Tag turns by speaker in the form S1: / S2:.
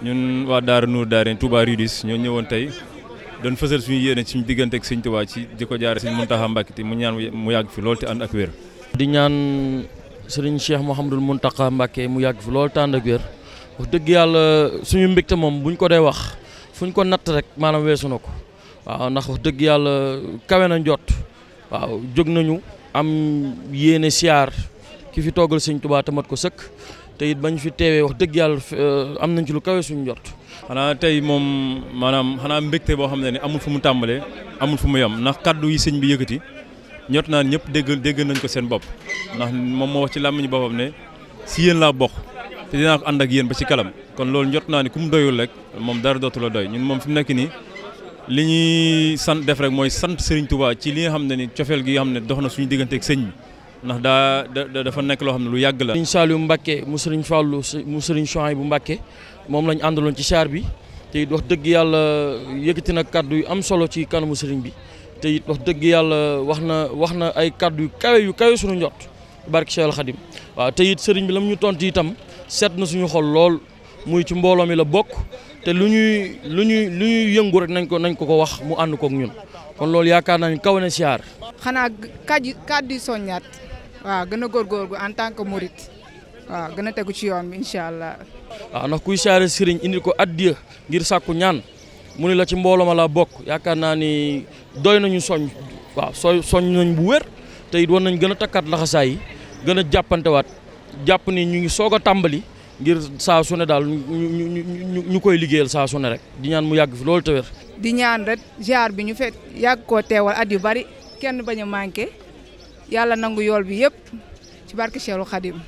S1: ñun waa Daara Nour Daara Touba Rudis ñoo ñëwoon tey doon fësal suñu yéene suñu diggante ak sëñ Touba ci di ko jaare sëñ Mountakha Mbacké te mu ñaan mu yàgg fi lool te ànd ak wér. di ñaan
S2: sëriñ Cheikh Mouhamadul Mountakha Mbacké mu yàgg fi lool te ànd ak wér wax dëgg yàlla suñu mbégte moom buñ ko dee wax fuñ ko natt rek maanaam weesu na ko waaw ndax wax dëgg yàlla kawe na njot waaw jóg nañu am yéene siyaar ki fi toogal sëñ Touba te ko sëkk. te it bañ fi teewee wax dëgg yàlla euh, am nañ ci lu kawe suñu jot. xanaa tey moom maanaam xanaa mbégte boo xam ne amul fu mu tàmbalee
S1: amul fu mu yem ndax kàddu yi sëñ bi yëkkati ñot naan ñëpp dégg dégg nañ ko seen bopp ndax moom moo wax ci làmmiñu boppam ne si yéen laa bokk te dinaa ko ànd ak yéen ba ci kalam kon loolu njot naa ni ku mu doyul rek moom dara dootu la doy ñun moom fi mu nekk nii li ñuy sant def rek mooy sant Serigne Touba ci li nga xam ne ni cofeel gi nga xam dox na suñu diggante sëñ bi ndax daa dafa nekk loo xam ne lu yàgg la. Sëriñ
S2: Saliou Mbacke mu Sëriñ Fallou mu Sëriñ bu Mbacke moom lañ àndaloon ci saar bi te it wax dëgg yàlla yëkkati na kàddu yu am solo ci kanamu sëriñ bi te wax dëgg yàlla wax na wax na ay kàddu yu kawe yu kawe suñu njot barke Cheikh Khadim waaw te it sëriñ bi la mu ñu tontu itam seet na suñu xol lool muy ci mbooloo mi la bokk te lu ñuy lu ñuy lu ñuy yëngu rek nañ ko nañ ko ko wax mu ànd kook ñun. kon loolu yaakaar naa ni kaw na siyaar.
S3: xanaa kàddu kàddu soññaat waaw gën a góorgóorlu en tant que mouride waaw gën a tegu ci yoon bi incha allah.
S2: waaw ndax kuy siyaare sëriñ indi ko addiya ngir sàkku ñaan mu ni la ci mbooloo ma bokk yaakaar naa ni doy nañu soñ waaw sooy soñ nañ bu wér tey it war nañ gën a takkaat laxasaay yi gën a jàppantewaat jàpp ni ñu ngi soog a tàmbali ngir saa sone daal ñu ñu ñu ñu koy liggéeyal saa sone ne rek di ñaan mu yàgg fi loolu te wér
S3: di ñaan rek ziar bi ñu fekk yàgg koo teewal at yu bari kenn bañ a manqué yàlla nangu yool bi yëpp ci barke Cheikhul Khadim